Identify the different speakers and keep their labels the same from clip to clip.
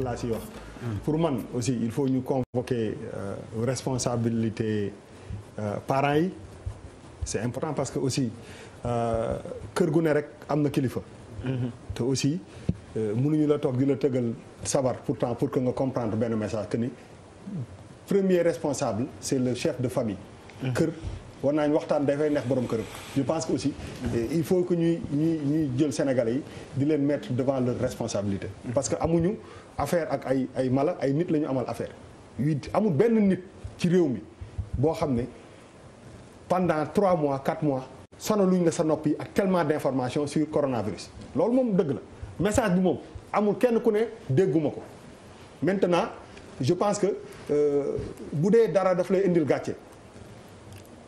Speaker 1: la pour moi, aussi il faut nous convoquer euh, responsabilité euh, c'est important parce que aussi euh, kër gu ne rek am kilifa mm-hmm. te aussi euh, mënuñu la toog di la tëggal pourtant pour que nga comprendre le message que premier responsable c'est le chef de famille cœur, mm-hmm. On a une dafay neex borom këram je pense que aussi eh, il faut que ñuy ñuy nous, jël Sénégalais yi di leen mettre devant leur responsabilité parce que amuñu affaire ak ay ay mala ay nit la amal affaire yu amul benn nit ci réew mi boo pendant trois mois quatre mois sonaluñ la sa nopp a ak tellement d'informations sur coronavirus loolu moom dëgg la message bi moom qu'est-ce ku ne de ko maintenant je pense que euh, bu dee dara daf lay indil gàcce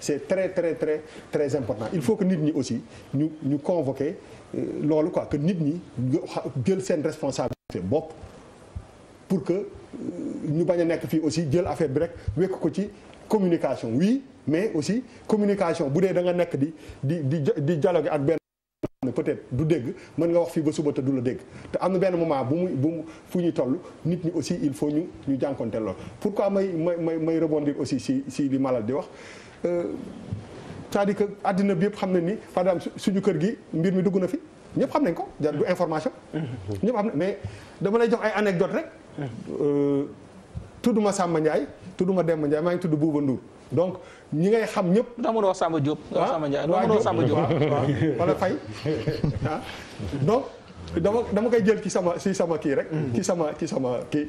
Speaker 1: c'est très très très très important il faut que nit aussi ñu ñu convoquer euh, lolu quoi que nit ñi jël seen responsabilité bopp pour que euh, ñu baña nek fi aussi jël affaire bi rek wekk ko ci communication oui mais aussi communication bu da nga nek di di di dialogue ak ben peut-être du dégg man nga wax fi ba suba te du la dégg te am ben moment bu mu bu mu fu ñuy toll nit ñi aussi il faut ñu ñu jankonté lool pourquoi may may may rebondir aussi si si li malal di wax Euh, c'est-à-dire que àddina bi yëpp xam na ni par exemple suñu kër gi mbir mi dugg na fi ñëpp xam nañ ko jar du information mhm. ñëpp xam na mais dama lay jox ay anecdote rek mhm. euh, tudduma Samba Ndiaye tudduma Demba Ndiaye maa ngi tudd Bouba Ndour donc ñi ngay xam ñëpp. ndax mënoo Samba Diop. ah Samba Ndiaye mënoo Samba Diop ah, wala Faye ah donc. dama dama koy jël ci sama ci sama kii rek. Mhm. ci sama ci sama kii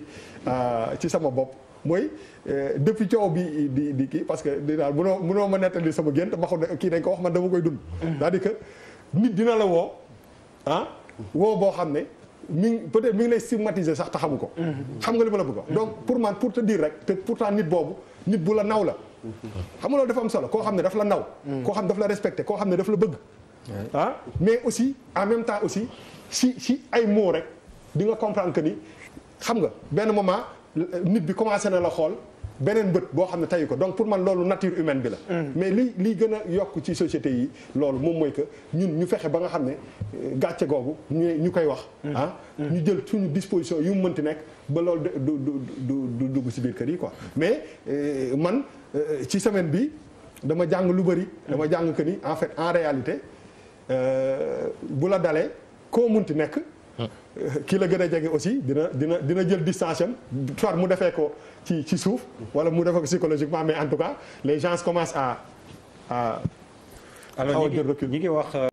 Speaker 1: euh, ci sama bopp. mooy euh, depuis coow bi di di ki parce que dinaa mënoo mënoo ma nettali sama gént ma xam ne kii dañ ko wax man dama koy dund. Mhm. c'est-à-dire que nit dina la woo ah woo boo xam ne mi ngi peut-être mi ngi lay stigmatiser sax te xamu ko. Mhm. xam nga li ma la bëgg donc pour man pour te dire rek te pourtant nit boobu nit bu la naw la. xam nga loolu dafa am solo koo xam ne daf la naw. koo xam ne daf la respecté koo xam ne daf la bëgg. Ah. mais aussi en même temps aussi si si ay comprendre que ni xam moment commencé la donc pour nature humaine mm. mais li li a société yi que ñun ñu ne une mm. ah. mm. disposition de mu mënti mais semaine que en fait en réalité. Euh, bu la dalé ko munti nek euh, ki la gëna aussi dina dina dina jël distance soit mu défé ko ci ci suuf wala mu défé ko psychologiquement mais en tout cas les gens commencent à à. alors ñi ngi wax. Euh,